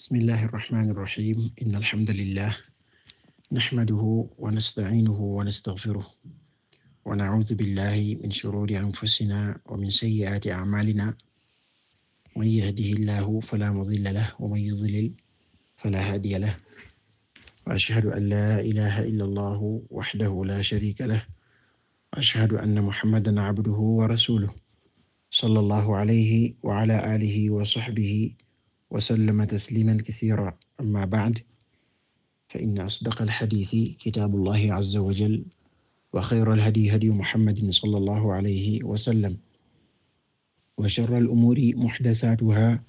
bismillahi irrahmani irrahim inna alhamdulillah naxmaduhu wa nastaciinuhu wa nastaxfiruh wa nacuudu billahi min shuruuri anfusina wa min sayyi'aati acmaalina man yahdihi llahu falaa mudilla lahu wa man yudlil falaa haadiya lahu wa ashhadu an laa ilaaha illa allahu waxdahu laa shariika lahu wa ashhadu anna muhammadan cabduhu wa rasuluhu sallallahu alayhi wa alaa aalihi wa saxbihi وسلم تسليما كثيرا أما بعد فإن أصدق الحديث كتاب الله عز وجل وخير الهدي هدي محمد صلى الله عليه وسلم وشر الأمور محدثاتها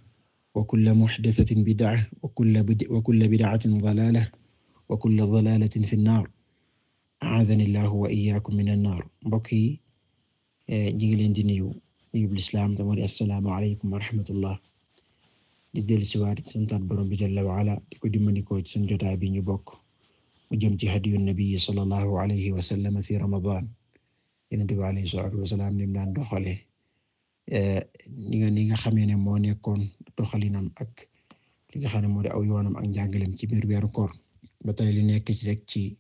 وكل محدثة بدعة وكل بدعة وكل بدعة ضلالة وكل ضلالة في النار أعاذني الله وإياكم من النار mbokk yi ñu ngi leen di nuyu nuyub lislaam tamoo di assalaamu aleykum wa rahmatullah di dellu siwaat santaat borom bi jalla wa ala di ko dimbandikoo ci suñ jotaay bi ñu bokk mu jëm ci hadiyu nabi sallallahu alayhi wa sallam fi ramadan yonent bi alayhi salaatu wa salaam ni mu daan doxale ni eh, nga ni nga xamee ne moo nekkoon doxalinam ak li nga xam ne moo di aw yoonam ak njàngalem ci biir weeru koor ba tey li nekk ci rek ci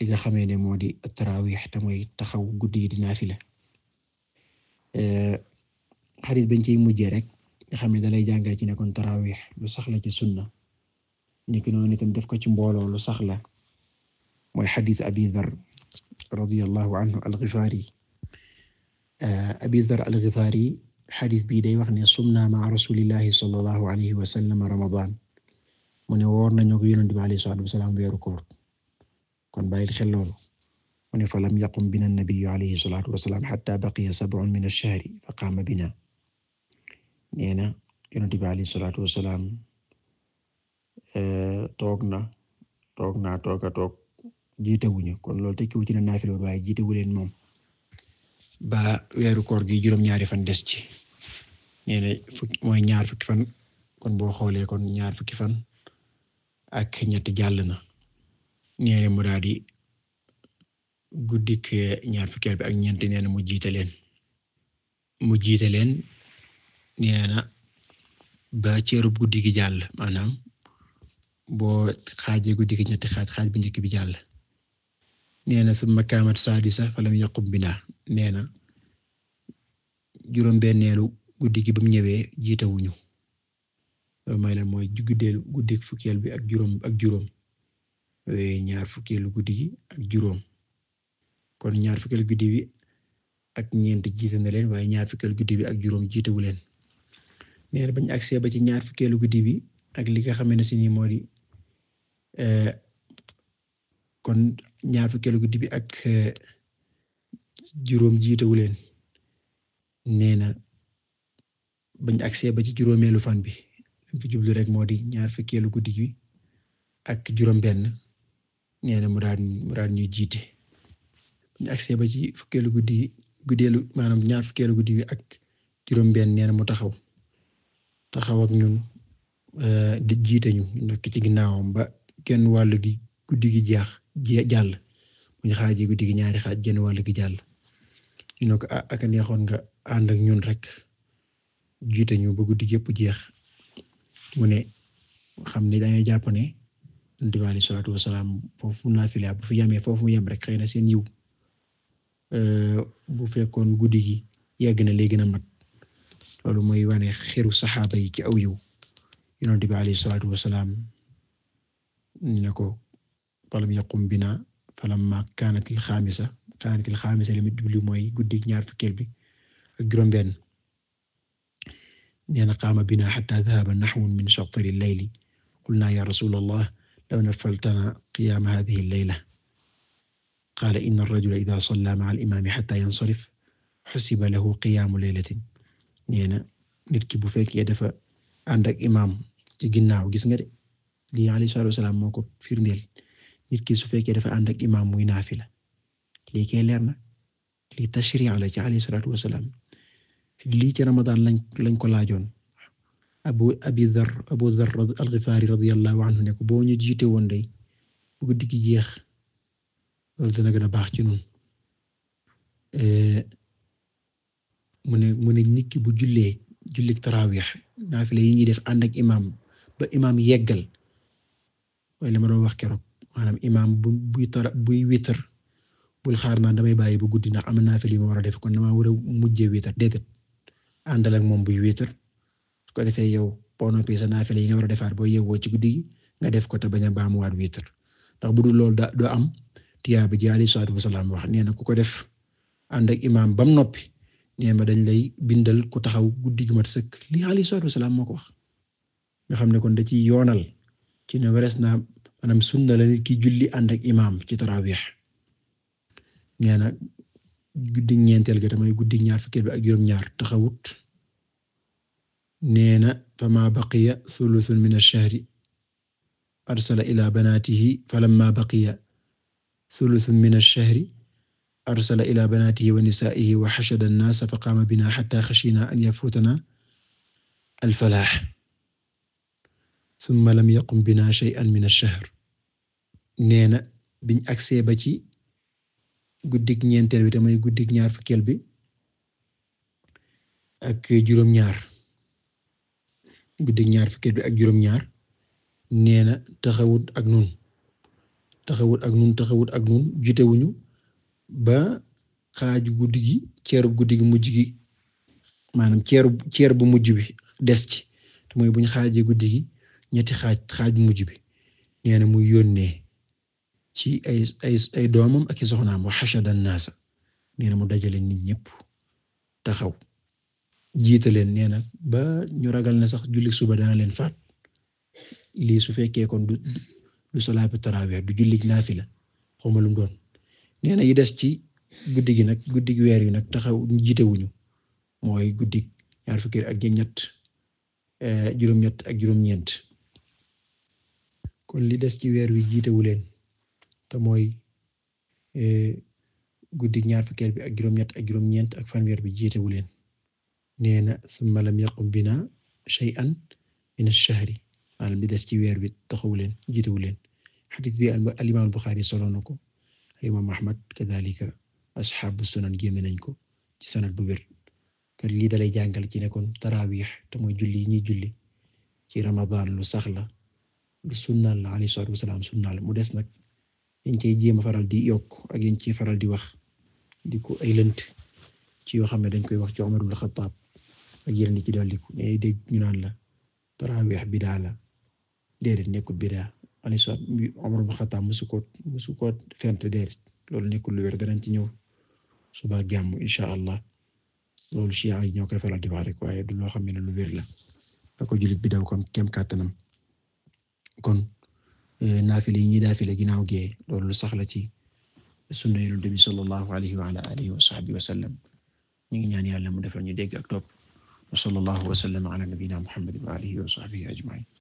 li nga xamee ne moo di tarawih te mooy taxaw guddi yi di naafila eh, xadis bañ ciy mujjee rek nga xam ne dalay jàngal ci nekkoon tarawih lu sax la ci sunna niki noonu itam def ko ci mbooloo lu sax la mooy xadiis Abi Dharr radiyallahu anhu al-Ghifari eh, Abi Dharr al-Ghifari xadiis bii day wax ne sumna ma'a rasulillahi sallallahu alayhi wa sallam ramadan mu ne woor nañu ko yonent bi alayhi salaatu wa salaam weeru koor kon bàyyil xel loolu mu ne fa lam yaqum bina nabiyyu alayhi salaatu wa salaam hatta baqiya sab'un min ash-shahri fa qaama bina nee na yonent bi alayhi salaatu wasalaam eh, toog na toog naa toog a toog jiitewuñu kon loolu tekkiwu ci ne waaye jiitewu leen moom ba weeru koor gi juróom-ñaari fan des ci nee mooy ñaar fukki fan kon boo xoolee kon ñaar fukki fan ak ñetti jàll na nee na mu daal di guddik eh, ñaar fukkeel bi ak ñeent nee na mu jiite leen mu jiite leen nee na ba ceerub guddi gi jàll maanaam boo xaajee guddi gi ñetti xaaj xaaj bu njëkk bi jàll nee na summa kaamat saadisa falam yaqum bina nee na juróom-benneelu guddi gi ba mu ñëwee jiitawuñu loolu mooy lan mooy guddeelu guddi fukkeel bi ak juróom ak juróom ñaar fukkeelu guddi gi ak juróom kon ñaar fukkeelu guddi bi ak ñeent jiite na leen waaye ñaar fukkeelu guddi bi ak juróom jiitewu leen nee bañ agsee ba ci ñaar fukkeelu guddi bi ak li nga xam ne si nii moo eh, kon ñaar guddi bi ak eh, juróom jiitewu leen nee na bañ agsee ba ci juróomeelu fan bi fi jublu rek moo di ñaar fukkeelu guddi gi ak juróom-benn nee na mu daal ñuy jiite bañ agsee ba ci fukkeelu guddi guddeelu maanaam ñaar fukkeelu guddi bi ak juróom-benn nee mu taxaw. taxaw ak ñun eh, di jiite ñu nekk ci ginnaawam ba genn wàll gi guddi gi jaax jàll bu ñu xaajee guddi gi ñaari xaaj genn wàll gi jàll ñu ne ko ah ak neexoon nga ànd ak ñun rek jiite ñu ba guddi gépp jeex mu ne xam ne dañoo jàpp ne Nabi alayhi salaatu wasalaam foofu naafila bu fi yamee foofu mu yem rek xëy na seen yiw eh, bu fekkoon guddi gi yegg na léegi na mat loolu mooy wane xeeru saxaaba yi ci aw yiw yonent bi alayhi salaatu wasalaam ñu ne ko falam yaqum bina falamma kaanat al xaamisa kaanat al xaamisa li mu jublu mooy guddi ñaar fukkeel bi ak juróom-benn nee na qaama bina xatta dahaba naxwun min shatri al-layli qulnaa yaa rasuulallah law naffaltanaa qiyaama haadihi al-layla qaala inna ar-rajula idaa sallaa ma'a al-imaami xattaa yansarif xusiba lahu qiyaamu laylatin nee na nit ki bu fekkee dafa ànd imaam ci ginnaaw gis nga de lii alayhi salaatu wa moo ko firndeel nit ki su fekkee dafa ànd ak imaam muy naafila lii kay leer na lii tashriic la ci alayhi salaatu wa salaam lii ci Ramadan lañ lañ ko laajoon Abu Abi Dharr Abu Dharr al-Ghifari radiyallahu anhu ne ko boo ñu jiite woon day bu guddi gi jeex loolu dana a baax ci ñun. Eh, mu ne mu ne nit ki bu jullee julli taraawix naafila yi ñuy def ànd ak imaam ba imaam yeggal waaye li ma doon wax keroog maanaam imaam bu buy tara buy witar bul xaar naa damay bàyyi bu guddi ndax am naafila yi ma war a def kon damaa war a mujjee witar déedéet àndal ak moom buy witar ko defee yow ponopi sa naafila yi nga war a defaar boo yeewoo ci guddi nga def ko te bañ a baamuwaat witar ndax bu du loolu da doo am tiyaaba ji alayhi salaatu wasalaam wax nee na ku ko def ànd ak imaam bam noppi. nee ma dañ lay bindal ko taxaw guddi gu mat sëkk lii alayhi salaatu wasalaam ko wax nga xam ne kon da ci yoonal ci ne weres anam maanaam sunna la nit ki julli ànd ak imaam ci tarawih nee na guddi ñeenteel ga tamay guddi ñaar fukkeel bi ak juróom-ñaar taxawut nee na fa ma baqiya thuluthun min ash-shahri arsala ila banatihi falamma baqiya thuluthun min ash-shahri arsala ila banaatihi wa nisaaihi wa xashada annaasa fa qaama binaa xataa xashiinaa an yafuutanaa alfalaax summa lam yaqum binaa shay'an min ash-shahr na biñ agsee ba ci guddig ñeenteel bi tamay guddig ñaar fukkeel bi ak juróom-ñaar guddig ñaar fukkeel bi ak juróom-ñaar nee na taxawut ak nun taxawut ak nun taxawut ak jutewuñu ba xaaju guddi gi ceeru guddi gi mujj gi maanaam ceeru ceer bu mujj bi des ci mooy buñ ñu guddi gi ñetti xaaj xaaj mujj bi nee na muy yónnee ci ay ay doomam ak i soxnaam wa xashada naasa nee na mu dajale nit ñëpp taxaw jiite leen nee na ba ñu ragal na sax julli suba dana leen faat lii su fekkee kon du du salaatu tarawih du julli naafila xawma lu mu doon. nena yi des ci guddi gi nag guddi gi weer yi nag taxaw jiite wuñu mooy guddi ñaar fukki ak ñett eh, juróom-ñett ak juróom-ñeent kon li des ci weer wi jiitewu leen te mooy eh, guddi ñaar bi ak juróom-ñett ak juróom bi jiitewu leen nena na summa lam yaqum bina shay'an min ash-shahri maanaam li des ci weer wi taxawu leen jiitewu leen xadis bi al imaam al Buxaari solo na ko imaam Ahmad kadhalika asxaabu sunan génne nañ ko ci sanad bu wér lii dalay jàngal ci nekkoon kon taraawix mooy julli yi ñuy julli ci Ramadan lu sax la lu sunnaal la alayhi salaatu mu des nag dañ cey jéem a faral di yokk ak dañ ciy faral di wax di ko ay lënt ci yoo xam ne dañ koy wax ci Umar ibn Xattaab ak yeneen yi ci dolliku mais dégg ñu naan la taraawix bidaa la déedéet nekkul bidaa alayhi salaam Umar ibn Xattaab musu ko musu ko fent déer loolu nekkul lu wér danañ ci ñëw suba jàmm incha allah loolu Shia yi ñoo koy faral di wax rek du loo xam ne lu wér la da ko jullit bi daw kon kem kàttanam kon eh, naafile yi ñuy naafile ginnaaw gee loolu lu sax la ci sunna yu Nabi sallallahu alayhi wa ala alihi wa sahbihi wa sallam ñu ngi ñaan yàlla mu defal ñu dégg ak topp wa sallallahu wa sallam ala nabiyyina Muhammadin wa alihi wa sahbihi ajma'in